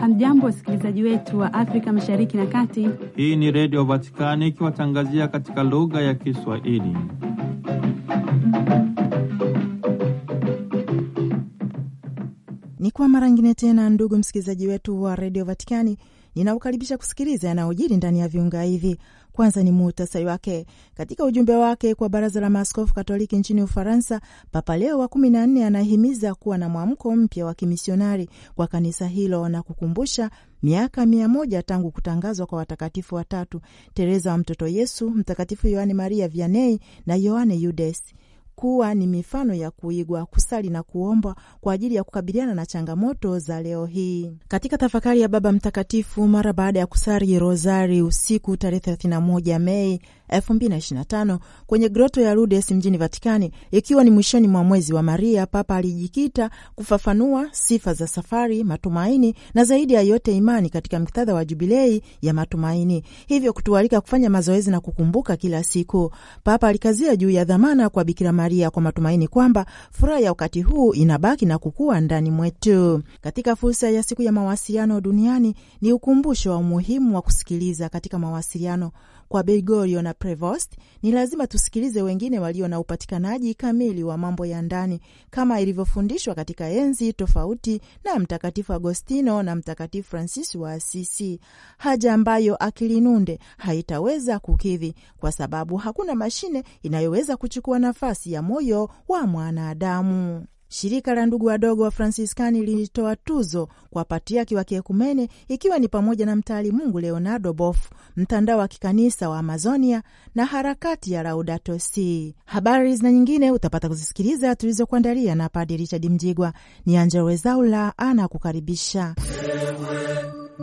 Hamjambo, wasikilizaji wetu wa Afrika mashariki na kati. Hii ni Redio Vatikani ikiwatangazia katika lugha ya Kiswahili. Ni kwa mara ngine tena, ndugu msikilizaji wetu wa Redio Vatikani, ninaukaribisha kusikiliza yanayojiri ndani ya viunga hivi kwanza ni muhtasari wake. Katika ujumbe wake kwa baraza la maaskofu Katoliki nchini Ufaransa, Papa Leo wa kumi na nne anahimiza kuwa na mwamko mpya wa kimisionari kwa kanisa hilo na kukumbusha miaka mia moja tangu kutangazwa kwa watakatifu watatu Tereza wa mtoto Yesu, Mtakatifu Yohane Maria Vianney na Yohane yudesi kuwa ni mifano ya kuigwa kusali na kuomba kwa ajili ya kukabiliana na changamoto za leo hii. Katika tafakari ya Baba Mtakatifu mara baada ya kusali rozari usiku tarehe 31 Mei 2025 kwenye groto ya Lourdes mjini Vatikani, ikiwa ni mwishoni mwa mwezi wa Maria, Papa alijikita kufafanua sifa za safari, matumaini na zaidi ya yote imani katika muktadha wa jubilei ya matumaini, hivyo kutualika kufanya mazoezi na kukumbuka kila siku. Papa alikazia juu ya dhamana kwa Bikira Maria kwa matumaini kwamba furaha ya wakati huu inabaki na kukua ndani mwetu. Katika fursa ya siku ya mawasiliano duniani, ni ukumbusho wa umuhimu wa kusikiliza katika mawasiliano kwa Bergoglio na Prevost, ni lazima tusikilize wengine walio na upatikanaji kamili wa mambo ya ndani kama ilivyofundishwa katika enzi tofauti na Mtakatifu Agostino na Mtakatifu Francis wa Asisi, haja ambayo akili nunde haitaweza kukidhi, kwa sababu hakuna mashine inayoweza kuchukua nafasi ya moyo wa mwanadamu. Shirika la ndugu wadogo wa Fransiskani lilitoa tuzo kwa patriaki wa kiekumene ikiwa ni pamoja na mtaali Mungu Leonardo Boff, mtandao wa kikanisa wa Amazonia na harakati ya Laudato Si. Habari na nyingine utapata kuzisikiliza tulizokuandalia na Padi Richard Mjigwa. Ni Angela Wezaula ana kukaribisha Ewe,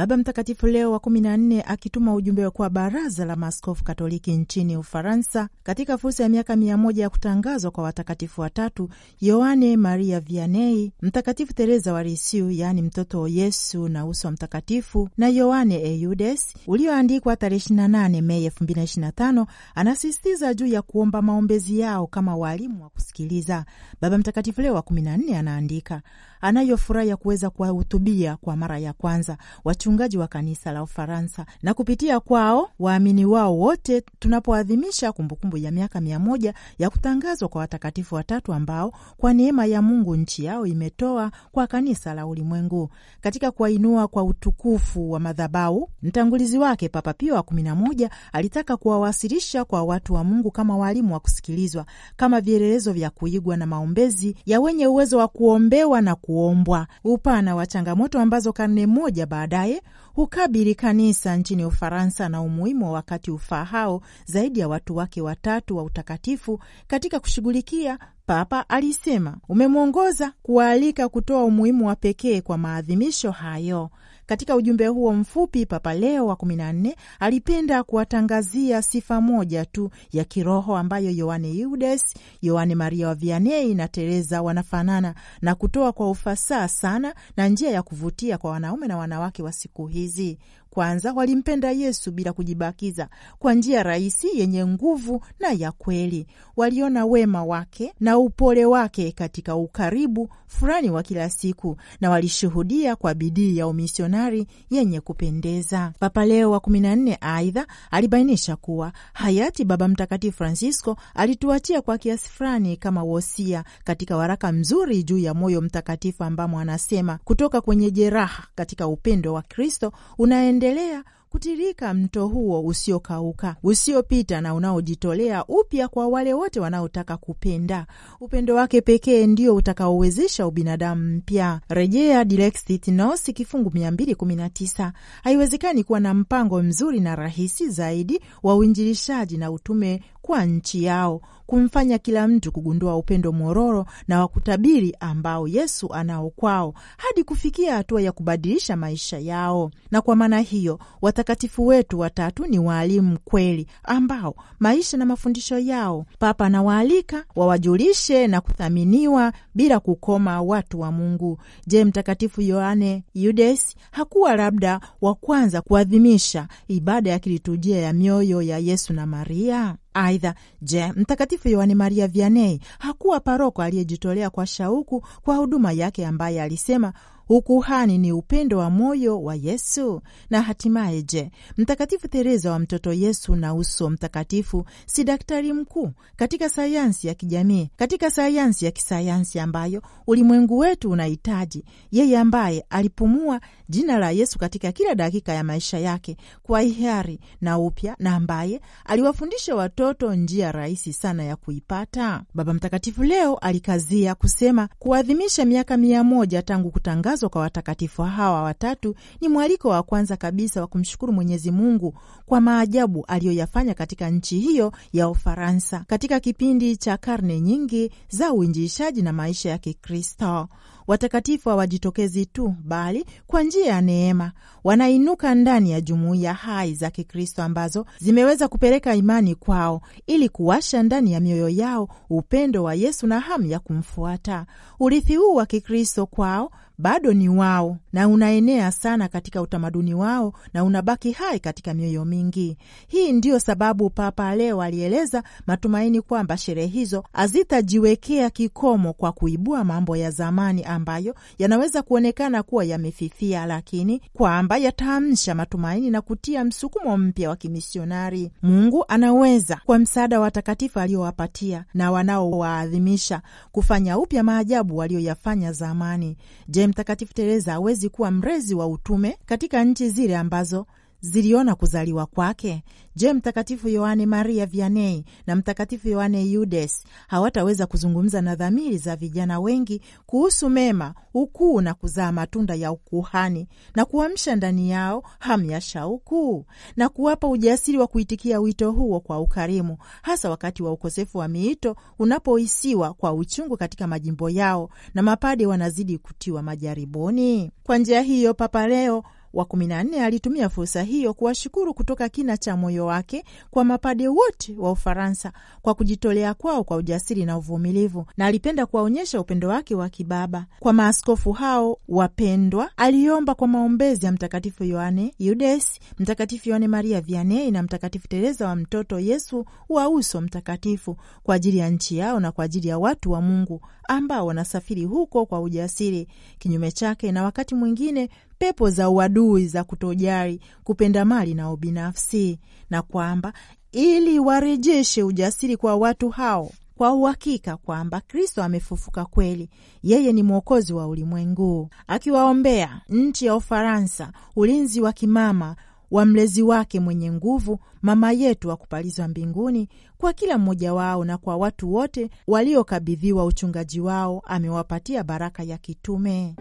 Baba Mtakatifu Leo wa 14 akituma ujumbe kwa Baraza la Maaskofu Katoliki nchini Ufaransa katika fursa ya miaka mia moja ya kutangazwa kwa watakatifu watatu Yoane Maria Vianney, Mtakatifu Tereza wa Risiu, yaani mtoto Yesu na uso wa Mtakatifu, na Yoane Eudes ulioandikwa tarehe 28 Mei 2025, anasisitiza juu ya kuomba maombezi yao kama walimu wa kusikiliza. Baba Mtakatifu Leo wa 14 anaandika anayo furaha ya kuweza kuwahutubia kwa mara ya kwanza wachungaji wa kanisa la Ufaransa, na kupitia kwao waamini wao wote tunapoadhimisha kumbukumbu ya miaka mia moja ya kutangazwa kwa watakatifu watatu ambao kwa neema ya Mungu nchi yao imetoa kwa kanisa la ulimwengu katika kuwainua kwa utukufu wa madhabahu. Mtangulizi wake Papa Pio wa kumi na moja alitaka kuwawasilisha kwa watu wa Mungu kama walimu wa kusikilizwa, kama vielelezo vya kuigwa na maombezi ya wenye uwezo wa kuombewa na ku kuombwa. Upana wa changamoto ambazo karne moja baadaye hukabili kanisa nchini Ufaransa na umuhimu wa wakati ufahao zaidi ya watu wake watatu wa utakatifu katika kushughulikia Papa alisema umemwongoza kuwaalika kutoa umuhimu wa pekee kwa maadhimisho hayo. Katika ujumbe huo mfupi, Papa Leo wa 14 alipenda kuwatangazia sifa moja tu ya kiroho ambayo Yohane Yudes, Yohane Maria wa Vianei na Teresa wanafanana na kutoa kwa ufasaha sana na njia ya kuvutia kwa wanaume na wanawake wa siku hizi: kwanza walimpenda Yesu bila kujibakiza, kwa njia rahisi yenye nguvu na ya kweli. Waliona wema wake na upole wake katika ukaribu fulani wa kila siku, na walishuhudia kwa bidii ya umisionari yenye kupendeza. Papa Leo wa kumi na nne aidha alibainisha kuwa hayati Baba Mtakatifu Francisco alituachia kwa kiasi fulani kama wosia katika waraka mzuri juu ya moyo mtakatifu, ambamo anasema kutoka kwenye jeraha katika upendo wa Kristo unaenda Endelea kutirika mto huo usiokauka, usiopita na unaojitolea upya kwa wale wote wanaotaka kupenda. Upendo wake pekee ndio utakaowezesha ubinadamu mpya. Rejea Dilexit Nos kifungu mia mbili kumi na tisa. Haiwezekani kuwa na mpango mzuri na rahisi zaidi wa uinjilishaji na utume kwa nchi yao kumfanya kila mtu kugundua upendo mwororo na wa kutabiri ambao Yesu anao kwao hadi kufikia hatua ya kubadilisha maisha yao. Na kwa maana hiyo watakatifu wetu watatu ni waalimu kweli ambao maisha na mafundisho yao Papa anawaalika wawajulishe na kuthaminiwa bila kukoma watu wa Mungu. Je, Mtakatifu Yohane Yudes hakuwa labda wa kwanza kuadhimisha ibada ya kiliturujia ya mioyo ya Yesu na Maria? Aidha, je, Mtakatifu Yohane Maria Vianney hakuwa paroko aliyejitolea kwa shauku kwa huduma yake, ambaye alisema Ukuhani ni upendo wa moyo wa Yesu. Na hatimaye, je, Mtakatifu Tereza wa Mtoto Yesu na uso mtakatifu si daktari mkuu katika sayansi ya kijamii, katika sayansi ya kisayansi ambayo ulimwengu wetu unahitaji? Yeye ambaye alipumua jina la Yesu katika kila dakika ya maisha yake kwa hiari na upya, na ambaye aliwafundisha watoto njia rahisi sana ya kuipata. Baba Mtakatifu leo alikazia kusema kuadhimisha miaka mia moja tangu kutangaza kubatizwa kwa watakatifu hawa watatu ni mwaliko wa kwanza kabisa wa kumshukuru Mwenyezi Mungu kwa maajabu aliyoyafanya katika nchi hiyo ya Ufaransa katika kipindi cha karne nyingi za uinjiishaji na maisha ya Kikristo. Watakatifu hawajitokezi tu, bali kwa njia ya neema wanainuka ndani ya jumuiya hai za Kikristo ambazo zimeweza kupeleka imani kwao ili kuwasha ndani ya mioyo yao upendo wa Yesu na hamu ya kumfuata. Urithi huu wa Kikristo kwao bado ni wao na unaenea sana katika utamaduni wao na unabaki hai katika mioyo mingi. Hii ndiyo sababu Papa leo alieleza matumaini kwamba sherehe hizo hazitajiwekea kikomo kwa kuibua mambo ya zamani ambayo yanaweza kuonekana kuwa yamefifia, lakini kwamba yataamsha matumaini na kutia msukumo mpya wa kimisionari. Mungu anaweza kwa msaada wa watakatifu aliowapatia na wanaowaadhimisha kufanya upya maajabu walioyafanya zamani James Mtakatifu tereza hawezi kuwa mrezi wa utume katika nchi zile ambazo ziliona kuzaliwa kwake? Je, Mtakatifu Yohane Maria Vianney na Mtakatifu Yohane Yudes hawataweza kuzungumza na dhamiri za vijana wengi kuhusu mema, ukuu na kuzaa matunda ya ukuhani na kuamsha ndani yao hamu ya shauku na kuwapa ujasiri wa kuitikia wito huo kwa ukarimu, hasa wakati wa ukosefu wa miito unapohisiwa kwa uchungu katika majimbo yao na mapade wanazidi kutiwa majaribuni. Kwa njia hiyo, Papa leo wa kumi na nne alitumia fursa hiyo kuwashukuru kutoka kina cha moyo wake kwa mapade wote wa Ufaransa kwa kujitolea kwao kwa ujasiri na uvumilivu, na alipenda kuwaonyesha upendo wake wa kibaba kwa maaskofu hao wapendwa. Aliomba kwa maombezi ya Mtakatifu Yohane yudesi Mtakatifu Yohane Maria vianei na Mtakatifu Tereza wa Mtoto Yesu wa Uso Mtakatifu kwa ajili ya nchi yao na kwa ajili ya watu wa Mungu ambao wanasafiri huko kwa ujasiri. Kinyume chake, na wakati mwingine pepo za uadui za kutojari kupenda mali na ubinafsi, na kwamba ili warejeshe ujasiri kwa watu hao kwa uhakika kwamba Kristo amefufuka kweli, yeye ni mwokozi wa ulimwengu, akiwaombea nchi ya Ufaransa ulinzi wa kimama wa mlezi wake mwenye nguvu, mama yetu wa kupalizwa mbinguni, kwa kila mmoja wao na kwa watu wote waliokabidhiwa uchungaji wao, amewapatia baraka ya kitume.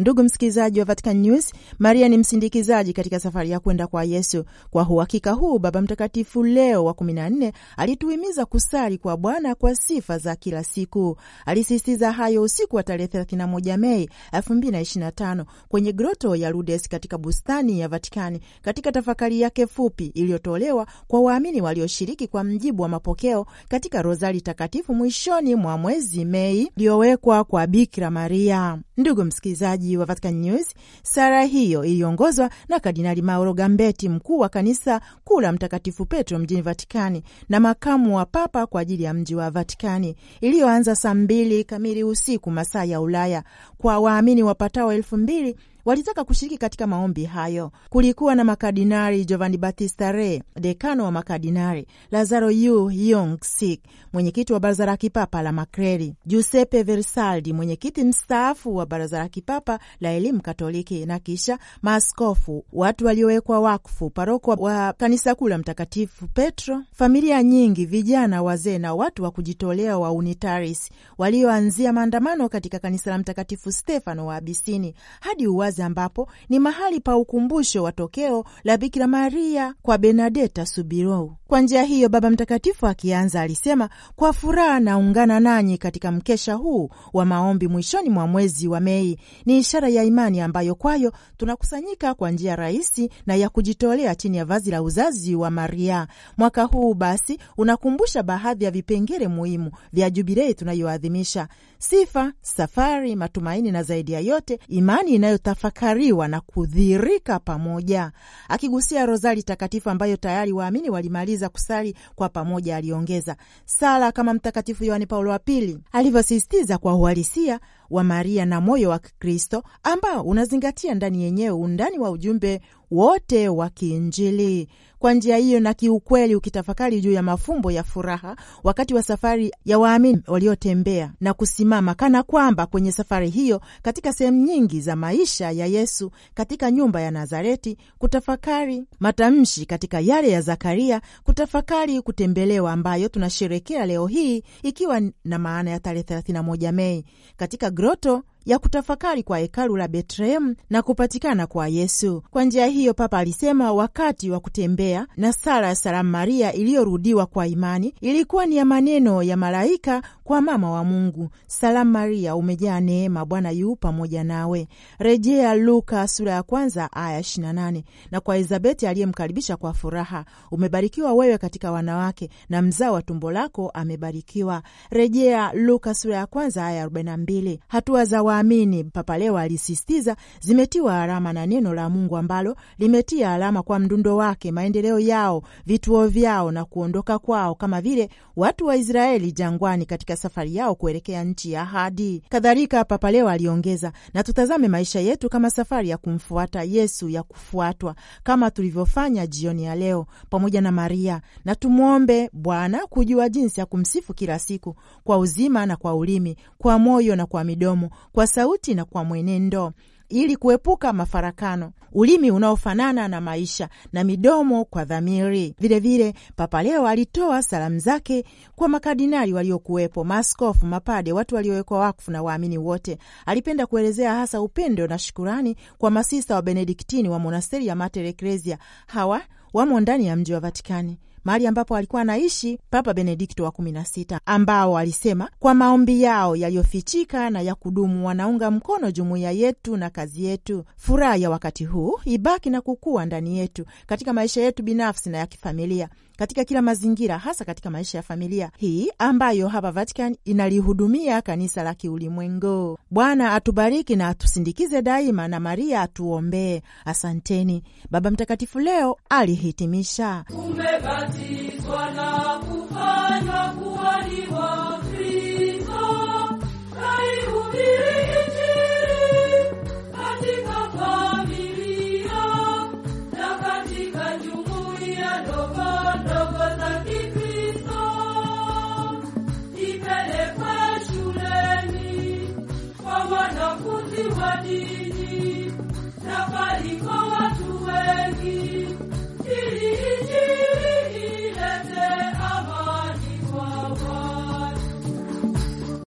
Ndugu msikilizaji wa Vatican News, Maria ni msindikizaji katika safari ya kwenda kwa Yesu. Kwa uhakika huu, Baba Mtakatifu Leo wa 14 alituhimiza kusali kwa Bwana kwa sifa za kila siku. Alisisitiza hayo usiku wa tarehe 31 Mei 2025 kwenye groto ya Lourdes katika bustani ya Vatikani, katika tafakari yake fupi iliyotolewa kwa waamini walioshiriki kwa mjibu wa mapokeo katika Rozari Takatifu mwishoni mwa mwezi Mei iliyowekwa kwa Bikira Maria. Ndugu msikilizaji wa Vatican News, sara hiyo iliongozwa na Kardinali Mauro Gambeti, mkuu wa kanisa kuu la Mtakatifu Petro mjini Vatikani na makamu wa papa kwa ajili ya mji wa Vatikani, iliyoanza saa mbili kamili usiku masaa ya Ulaya kwa waamini wapatao elfu mbili walitaka kushiriki katika maombi hayo. Kulikuwa na makardinari Giovanni Battista Re, dekano wa makardinari, Lazaro Yu Yong Sik, mwenyekiti wa baraza la kipapa la Makreli, Giuseppe Versaldi, mwenyekiti mstaafu wa baraza la kipapa la elimu Katoliki, na kisha maaskofu, watu waliowekwa wakfu, paroko wa kanisa kuu la Mtakatifu Petro, familia nyingi, vijana, wazee na watu wa kujitolea wa Unitaris walioanzia maandamano katika kanisa la Mtakatifu Stefano wa Abisini hadi uwa wazi ambapo ni mahali pa ukumbusho wa tokeo la Bikira Maria kwa Benadeta Subirou. Kwa njia hiyo, Baba Mtakatifu akianza alisema, kwa furaha naungana nanyi katika mkesha huu wa maombi mwishoni mwa mwezi wa Mei. Ni ishara ya imani ambayo kwayo tunakusanyika kwa njia rahisi na ya kujitolea chini ya vazi la uzazi wa Maria. Mwaka huu basi unakumbusha baadhi ya vipengele muhimu vya jubilei tunayoadhimisha sifa, safari, matumaini na zaidi ya yote imani inayotafakariwa na kudhirika pamoja. Akigusia rozari takatifu ambayo tayari waamini walimaliza kusali kwa pamoja, aliongeza sala kama Mtakatifu Yohane Paulo wa Pili alivyosisitiza kwa uhalisia wa Maria na moyo wa Kikristo ambao unazingatia ndani yenyewe undani wa ujumbe wote wa kiinjili. Kwa njia hiyo na kiukweli, ukitafakari juu ya mafumbo ya furaha wakati wa safari ya waamini waliotembea na kusimama, kana kwamba kwenye safari hiyo, katika sehemu nyingi za maisha ya Yesu katika nyumba ya Nazareti, kutafakari matamshi katika yale ya Zakaria, kutafakari kutembelewa, ambayo tunasherekea leo hii ikiwa na maana ya tarehe 31 Mei katika groto ya kutafakari kwa hekalu la Betlehemu na kupatikana kwa Yesu. Kwa njia hiyo, Papa alisema wakati wa kutembea na sala ya salamu Maria iliyorudiwa kwa imani ilikuwa ni ya maneno ya malaika kwa mama wa Mungu: salamu Maria, umejaa neema, Bwana yu pamoja nawe, rejea Luka sura ya kwanza aya 28. Na kwa Elizabeti aliyemkaribisha kwa furaha, umebarikiwa wewe katika wanawake na mzao wa tumbo lako amebarikiwa, rejea Luka sura ya kwanza aya 42. Hatua za waamini, Papa leo alisisitiza, zimetiwa alama na neno la Mungu ambalo limetia alama kwa mdundo wake, maendeleo yao, vituo vyao na kuondoka kwao, kama vile watu wa Israeli jangwani katika safari yao kuelekea nchi ya ahadi. Kadhalika, Papa leo aliongeza, na tutazame maisha yetu kama safari ya kumfuata Yesu, ya kufuatwa kama tulivyofanya jioni ya leo pamoja na Maria, na tumwombe Bwana kujua jinsi ya kumsifu kila siku, kwa uzima na kwa ulimi, kwa moyo na kwa midomo, kwa kwa sauti na kwa mwenendo ili kuepuka mafarakano, ulimi unaofanana na maisha na midomo kwa dhamiri. Vilevile Papa Leo alitoa salamu zake kwa makardinali waliokuwepo, maaskofu, mapade, watu waliowekwa wakfu na waamini wote. Alipenda kuelezea hasa upendo na shukurani kwa masista wa Benediktini wa monasteri ya Mater Ecclesia. Hawa wamo ndani ya mji wa Vatikani mahali ambapo alikuwa anaishi Papa Benedikto wa kumi na sita, ambao alisema kwa maombi yao yaliyofichika na ya kudumu wanaunga mkono jumuiya yetu na kazi yetu. Furaha ya wakati huu ibaki na kukua ndani yetu katika maisha yetu binafsi na ya kifamilia katika kila mazingira, hasa katika maisha ya familia hii ambayo hapa Vatican inalihudumia kanisa la kiulimwengu. Bwana atubariki na atusindikize daima, na Maria atuombee. Asanteni Baba Mtakatifu. Leo alihitimisha umebatizwa na kufanywa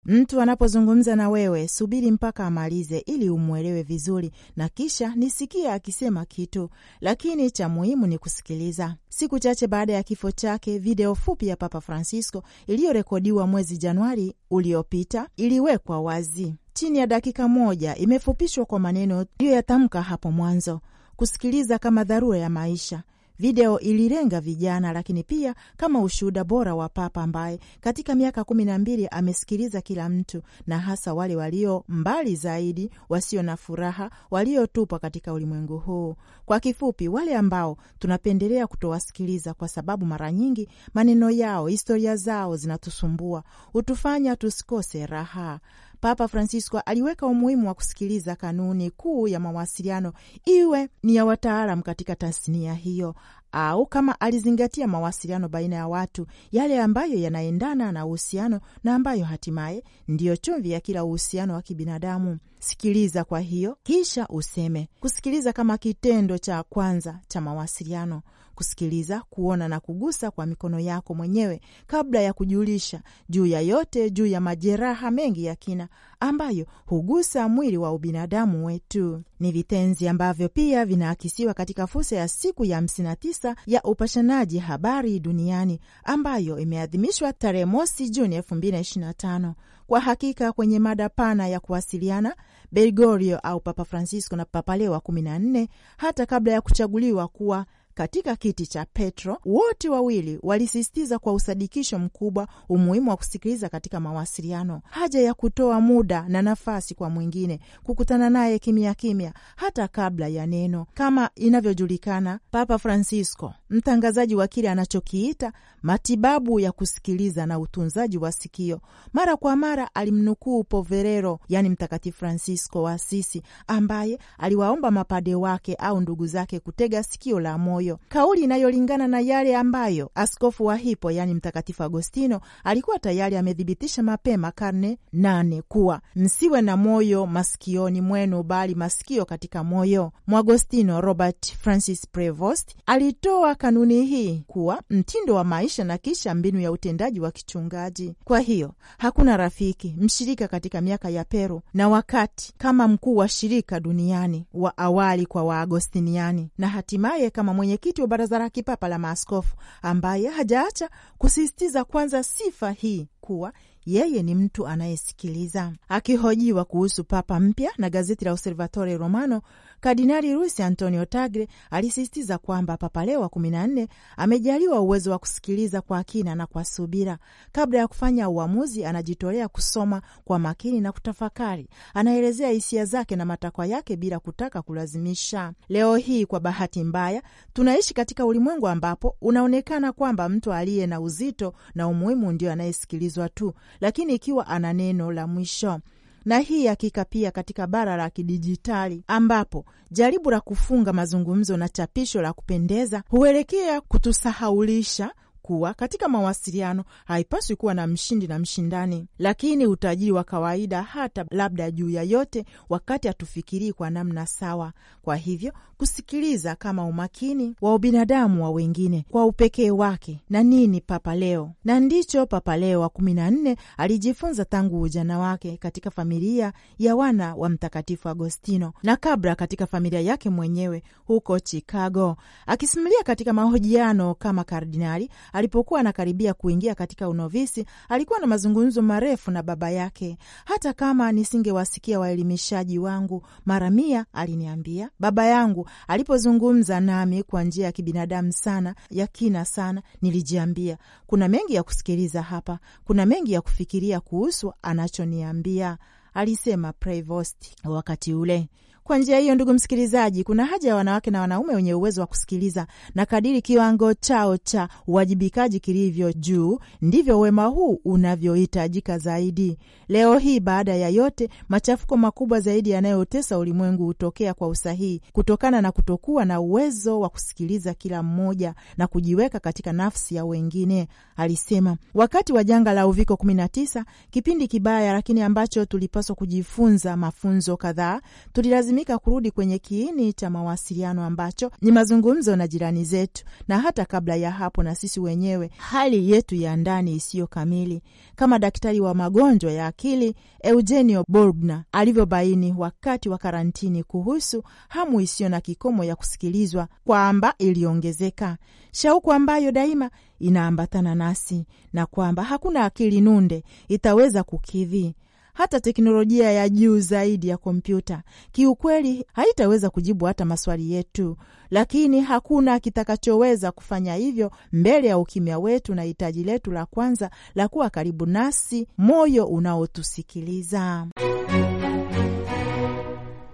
Mtu anapozungumza na wewe, subiri mpaka amalize ili umwelewe vizuri, na kisha nisikia akisema kitu, lakini cha muhimu ni kusikiliza. Siku chache baada ya kifo chake, video fupi ya Papa Francisco iliyorekodiwa mwezi Januari uliopita iliwekwa wazi. Chini ya dakika moja, imefupishwa kwa maneno iliyoyatamka hapo mwanzo: kusikiliza kama dharura ya maisha. Video ililenga vijana, lakini pia kama ushuhuda bora wa Papa ambaye katika miaka kumi na mbili amesikiliza kila mtu na hasa wale walio mbali zaidi, wasio na furaha, waliotupwa katika ulimwengu huu. Kwa kifupi, wale ambao tunapendelea kutowasikiliza kwa sababu mara nyingi maneno yao, historia zao zinatusumbua, hutufanya tusikose raha. Papa Francisco aliweka umuhimu wa kusikiliza kanuni kuu ya mawasiliano, iwe ni ya wataalamu katika tasnia hiyo au kama alizingatia mawasiliano baina ya watu, yale ambayo yanaendana na uhusiano na ambayo hatimaye ndiyo chumvi ya kila uhusiano wa kibinadamu sikiliza. Kwa hiyo kisha useme. Kusikiliza kama kitendo cha kwanza cha mawasiliano kusikiliza, kuona na kugusa kwa mikono yako mwenyewe kabla ya kujulisha juu ya yote juu ya majeraha mengi ya kina ambayo hugusa mwili wa ubinadamu wetu. Ni vitenzi ambavyo pia vinaakisiwa katika fursa ya siku ya 59 ya upashanaji habari duniani ambayo imeadhimishwa tarehe mosi Juni 2025. Kwa hakika kwenye mada pana ya kuwasiliana, Bergoglio au Papa Francisco na Papa Leo wa kumi na nne, hata kabla ya kuchaguliwa kuwa katika kiti cha Petro, wote wawili walisisitiza kwa usadikisho mkubwa umuhimu wa kusikiliza katika mawasiliano, haja ya kutoa muda na nafasi kwa mwingine kukutana naye kimya kimya, hata kabla ya neno. Kama inavyojulikana, Papa Francisco Mtangazaji wa kile anachokiita matibabu ya kusikiliza na utunzaji wa sikio. Mara kwa mara alimnukuu Poverero, yani Mtakatifu Francisco wa Asisi, ambaye aliwaomba mapade wake au ndugu zake kutega sikio la moyo, kauli inayolingana na yale ambayo askofu wa Hipo, yani Mtakatifu Agostino, alikuwa tayari amethibitisha mapema karne nane kuwa msiwe na moyo masikioni mwenu, bali masikio katika moyo. Mwagostino Robert Francis Prevost alitoa kanuni hii kuwa mtindo wa maisha na kisha mbinu ya utendaji wa kichungaji. Kwa hiyo hakuna rafiki mshirika katika miaka ya Peru na wakati kama mkuu wa shirika duniani wa awali kwa Waagostiniani na hatimaye kama mwenyekiti wa Baraza la Kipapa la Maaskofu ambaye hajaacha kusisitiza kwanza sifa hii kuwa yeye ni mtu anayesikiliza. Akihojiwa kuhusu papa mpya na gazeti la Osservatore Romano Kardinali Luis Antonio tagre alisisitiza kwamba Papa Leo wa kumi na nne amejaliwa uwezo wa kusikiliza kwa kina na kwa subira. Kabla ya kufanya uamuzi, anajitolea kusoma kwa makini na kutafakari. Anaelezea hisia zake na matakwa yake bila kutaka kulazimisha. Leo hii, kwa bahati mbaya, tunaishi katika ulimwengu ambapo unaonekana kwamba mtu aliye na uzito na umuhimu ndio anayesikilizwa tu, lakini ikiwa ana neno la mwisho na hii hakika pia katika bara la kidijitali, ambapo jaribu la kufunga mazungumzo na chapisho la kupendeza huelekea kutusahaulisha kuwa katika mawasiliano haipaswi kuwa na mshindi na mshindani, lakini utajiri wa kawaida, hata labda juu ya yote, wakati hatufikirii kwa namna sawa. Kwa hivyo kusikiliza kama umakini wa ubinadamu wa wengine kwa upekee wake na nini Papa Leo na ndicho Papa Leo wa kumi na nne alijifunza tangu ujana wake katika familia ya wana wa Mtakatifu Agostino na kabla katika familia yake mwenyewe huko Chicago, akisimulia katika mahojiano kama kardinali Alipokuwa anakaribia kuingia katika unovisi, alikuwa na mazungumzo marefu na baba yake. Hata kama nisingewasikia waelimishaji wangu mara mia, aliniambia baba yangu alipozungumza nami kwa njia ya kibinadamu sana, ya kina sana, nilijiambia kuna mengi ya kusikiliza hapa, kuna mengi ya kufikiria kuhusu anachoniambia, alisema Prevost wakati ule. Kwa njia hiyo, ndugu msikilizaji, kuna haja ya wanawake na wanaume wenye uwezo wa kusikiliza, na kadiri kiwango chao cha uwajibikaji kilivyo juu, ndivyo wema huu unavyohitajika zaidi. Leo hii, baada ya yote, machafuko makubwa zaidi yanayotesa ulimwengu hutokea kwa usahihi kutokana na kutokuwa na uwezo wa kusikiliza kila mmoja na kujiweka katika nafsi ya wengine, alisema. Wakati wa janga la uviko 19, kipindi kibaya, lakini ambacho tulipaswa kujifunza mafunzo kadhaa, tulilazimika tunalazimika kurudi kwenye kiini cha mawasiliano ambacho ni mazungumzo na jirani zetu, na hata kabla ya hapo, na sisi wenyewe, hali yetu ya ndani isiyo kamili, kama daktari wa magonjwa ya akili Eugenio Borbna alivyobaini wakati wa karantini kuhusu hamu isiyo na kikomo ya kusikilizwa, kwamba iliongezeka shauku ambayo daima inaambatana nasi na kwamba hakuna akili nunde itaweza kukidhi hata teknolojia ya juu zaidi ya kompyuta, kiukweli haitaweza kujibu hata maswali yetu, lakini hakuna kitakachoweza kufanya hivyo mbele ya ukimya wetu na hitaji letu la kwanza la kuwa karibu nasi, moyo unaotusikiliza.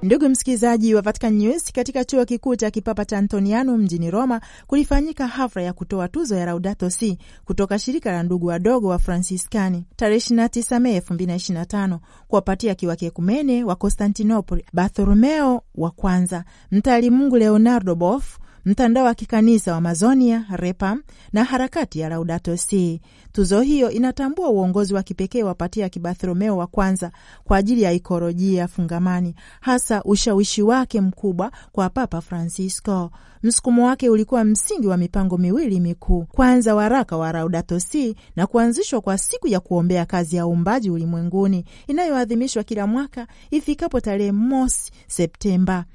Ndugu msikilizaji wa Vatican News, katika chuo kikuu cha kipapa cha Antoniano mjini Roma kulifanyika hafla ya kutoa tuzo ya Laudato Si kutoka shirika la ndugu wadogo wa franciscani tarehe 29 Mei 2025 kuwapatia kiwa kiekumene wa Konstantinopoli Bartholomeo wa kwanza, mtaalimungu Leonardo Boff mtandao wa kikanisa wa Mazonia Repam na harakati ya Laudato Si. Tuzo hiyo inatambua uongozi wa kipekee wa Patia Kibartholomeo wa kwanza kwa ajili ya ikolojia fungamani, hasa ushawishi wake mkubwa kwa Papa Francisco. Msukumo wake ulikuwa msingi wa mipango miwili mikuu: kwanza, waraka wa Laudato Si na kuanzishwa kwa siku ya kuombea kazi ya uumbaji ulimwenguni inayoadhimishwa kila mwaka ifikapo tarehe mosi Septemba.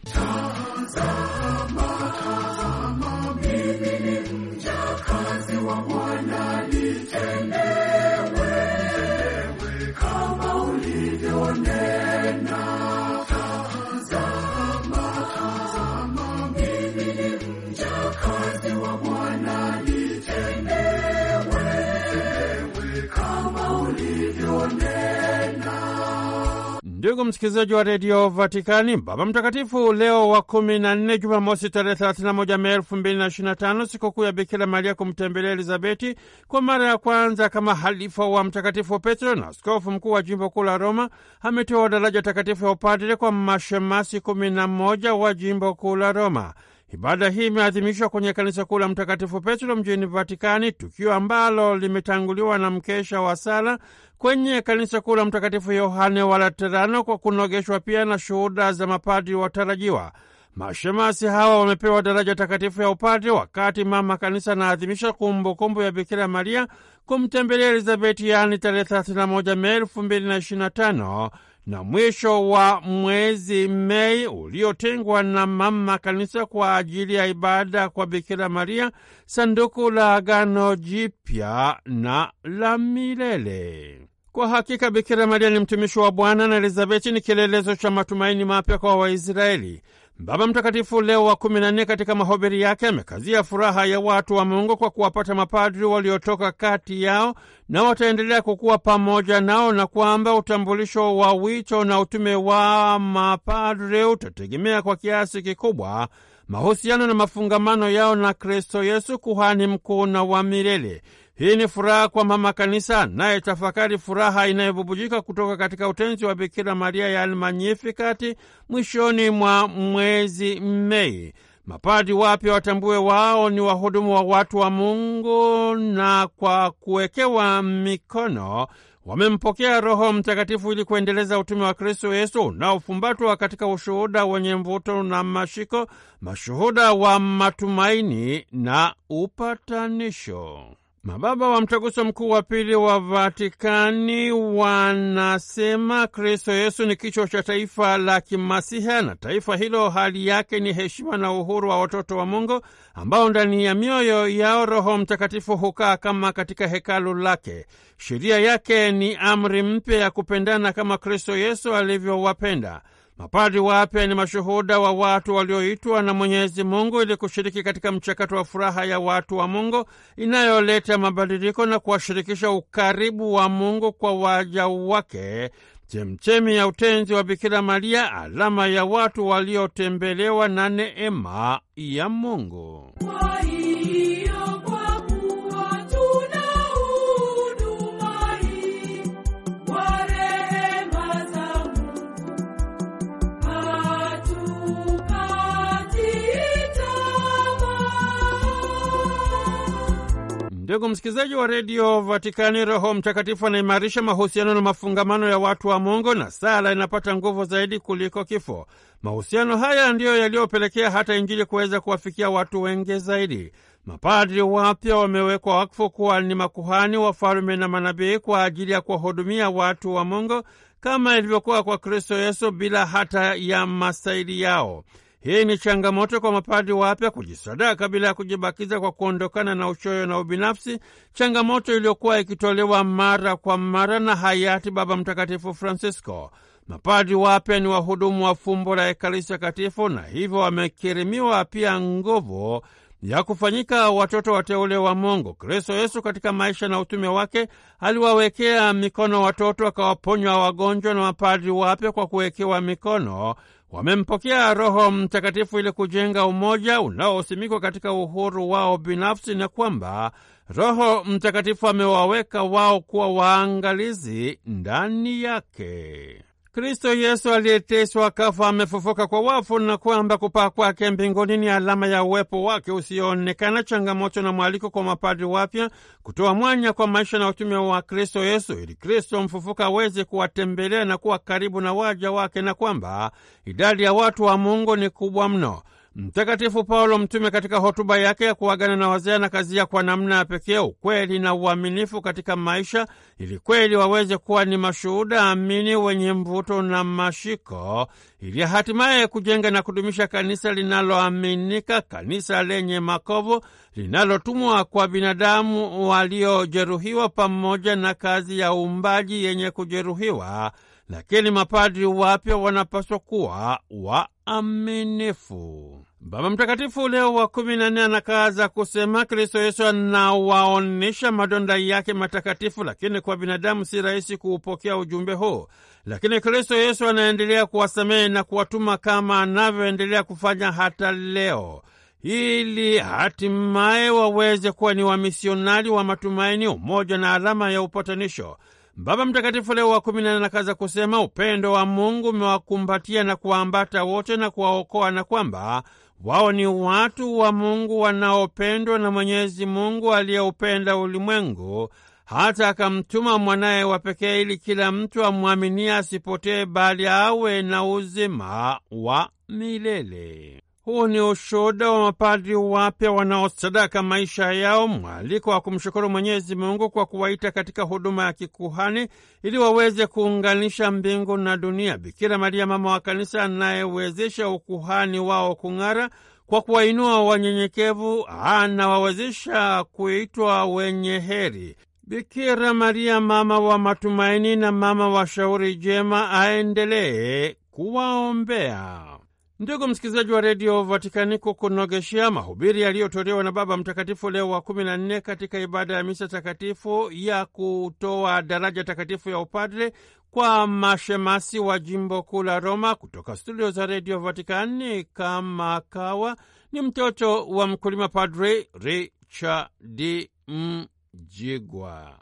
ndugu msikilizaji wa redio Vatikani, Baba Mtakatifu Leo wa kumi na nne, Jumamosi tarehe thelathini moja Mei elfu mbili na ishirini na tano, sikukuu ya Bikira Maria kumtembelea Elizabeti kwa mara ya kwanza kama halifa wa Mtakatifu Petro na askofu mkuu wa jimbo kuu la Roma, ametoa daraja takatifu ya upadre kwa mashemasi kumi na moja wa jimbo kuu la Roma. Ibada hii imeadhimishwa kwenye kanisa kuu la Mtakatifu Petro mjini Vatikani, tukio ambalo limetanguliwa na mkesha wa sala kwenye kanisa kuu la Mtakatifu Yohane wa Laterano, kwa kunogeshwa pia na shuhuda za mapadri watarajiwa. Mashemasi hawa wamepewa daraja takatifu ya upadri, wakati mama kanisa anaadhimisha kumbukumbu ya Bikira Maria kumtembelea Elizabeti, yaani tarehe 31 Mei 2025 na mwisho wa mwezi Mei uliotengwa na Mama Kanisa kwa ajili ya ibada kwa Bikira Maria, sanduku la Agano Jipya na la milele. Kwa hakika Bikira Maria ni mtumishi wa Bwana na Elizabeti ni kielelezo cha matumaini mapya kwa Waisraeli. Baba Mtakatifu Leo wa kumi na nne katika mahubiri yake amekazia furaha ya watu wa Mungu kwa kuwapata mapadri waliotoka kati yao na wataendelea kukuwa pamoja nao, na kwamba utambulisho wa wito na utume wa mapadri utategemea kwa kiasi kikubwa mahusiano na mafungamano yao na Kristo Yesu, kuhani mkuu na wa milele. Hii ni furaha kwa mama kanisa, naye tafakari furaha inayobubujika kutoka katika utenzi wa Bikira Maria ya Almanyifikati mwishoni mwa mwezi Mei. Mapadi wapya watambue wao ni wahudumu wa watu wa Mungu, na kwa kuwekewa mikono wamempokea Roho Mtakatifu ili kuendeleza utume wa Kristo Yesu unaofumbatwa katika ushuhuda wenye mvuto na mashiko, mashuhuda wa matumaini na upatanisho. Mababa wa Mtaguso Mkuu wa Pili wa Vatikani wanasema Kristo Yesu ni kichwa cha taifa la Kimasiha, na taifa hilo hali yake ni heshima na uhuru wa watoto wa Mungu ambao ndani ya mioyo yao Roho Mtakatifu hukaa kama katika hekalu lake. Sheria yake ni amri mpya ya kupendana kama Kristo Yesu alivyowapenda. Mapadri wapya ni mashuhuda wa watu walioitwa na Mwenyezi Mungu ili kushiriki katika mchakato wa furaha ya watu wa Mungu inayoleta mabadiliko na kuwashirikisha ukaribu wa Mungu kwa waja wake, chemchemi ya utenzi wa Bikira Maria, alama ya watu waliotembelewa na neema ya Mungu. Ndugu msikilizaji wa redio Vatikani, Roho Mtakatifu anaimarisha mahusiano na mafungamano ya watu wa Mungu na sala inapata nguvu zaidi kuliko kifo. Mahusiano haya ndiyo yaliyopelekea hata Injili kuweza kuwafikia watu wengi zaidi. Mapadri wapya wamewekwa wakfu kuwa ni makuhani, wafalume na manabii kwa ajili ya kuwahudumia watu wa Mungu kama ilivyokuwa kwa Kristo Yesu, bila hata ya masaidi yao. Hii ni changamoto kwa mapadri wapya kujisadaka bila ya kujibakiza kwa kuondokana na uchoyo na ubinafsi, changamoto iliyokuwa ikitolewa mara kwa mara na hayati Baba Mtakatifu Francisco. Mapadri wapya ni wahudumu wa fumbo la Ekaristi Takatifu, na hivyo wamekirimiwa pia nguvu ya kufanyika watoto wateule wa Mungu. Kristo Yesu katika maisha na utume wake aliwawekea mikono watoto, akawaponywa wagonjwa, na mapadri wapya kwa kuwekewa mikono wamempokea Roho Mtakatifu ili kujenga umoja unaosimikwa katika uhuru wao binafsi, na kwamba Roho Mtakatifu amewaweka wao kuwa waangalizi ndani yake. Kristo Yesu aliyeteswa, kafa, amefufuka kwa wafu, na kwamba kupaa kwake mbinguni ni alama ya uwepo wake usioonekana, changamoto na mwaliko kwa mapadri wapya kutoa mwanya kwa maisha na utume wa Kristo Yesu, ili Kristo mfufuka aweze kuwatembelea na kuwa karibu na waja wake, na kwamba idadi ya watu wa Mungu ni kubwa mno. Mtakatifu Paulo Mtume katika hotuba yake ya kuagana na wazee na kazi ya kwa namna ya pekee ukweli na uaminifu katika maisha, ili kweli waweze kuwa ni mashuhuda amini wenye mvuto na mashiko, ili hatimaye kujenga na kudumisha kanisa linaloaminika, kanisa lenye makovu, linalotumwa kwa binadamu waliojeruhiwa, pamoja na kazi ya uumbaji yenye kujeruhiwa. Lakini mapadri wapya wanapaswa kuwa waaminifu. Baba Mtakatifu Leo wa kumi na nne anakaza kusema Kristo Yesu anawaonyesha madonda yake matakatifu, lakini kwa binadamu si rahisi kuupokea ujumbe huu. Lakini Kristo Yesu anaendelea kuwasamehe na kuwatuma kama anavyoendelea kufanya hata leo, ili hatimaye waweze kuwa ni wamisionari wa matumaini, umoja na alama ya upatanisho. Baba Mtakatifu Leo wa kumi na nne anakaza kusema upendo wa Mungu umewakumbatia na kuwaambata wote na kuwaokoa, na kwamba wao ni watu wa Mungu wanaopendwa na Mwenyezi Mungu aliyeupenda ulimwengu hata akamtuma mwanaye wa pekee ili kila mtu amwaminie asipotee bali awe na uzima wa milele. Huu ni ushuhuda wa mapadri wapya wanaosadaka maisha yao, mwaliko wa kumshukuru Mwenyezi Mungu kwa kuwaita katika huduma ya kikuhani ili waweze kuunganisha mbingu na dunia. Bikira Maria, mama wa Kanisa, anayewezesha ukuhani wao kung'ara kwa kuwainua wanyenyekevu, anawawezesha kuitwa wenye heri. Bikira Maria, mama wa matumaini na mama wa shauri jema, aendelee kuwaombea. Ndugu msikilizaji wa redio Vatikani, kukunogeshea mahubiri yaliyotolewa na Baba Mtakatifu Leo wa kumi na nne katika ibada ya misa takatifu ya kutoa daraja takatifu ya upadre kwa mashemasi wa jimbo kuu la Roma. Kutoka studio za redio Vatikani, kama kawa ni mtoto wa mkulima, Padre Richard Mjigwa.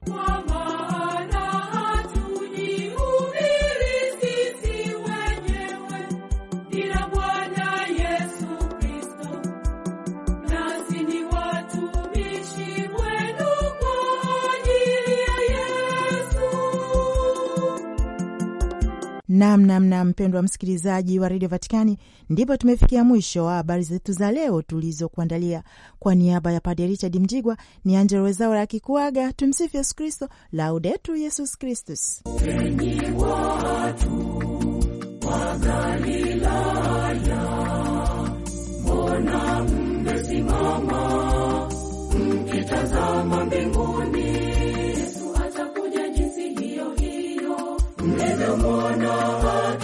Namnamna mpendwa msikilizaji wa redio Vatikani, ndipo tumefikia mwisho wa habari zetu za leo tulizokuandalia. Kwa, niaba ya Padre Richard Mjigwa ni Angelo Wezaura akikuaga. Tumsifu Yesu Kristo, Laudetur Yesus Kristus. Enyi watu wa Galilaya, mbona mmesimama na mwana wake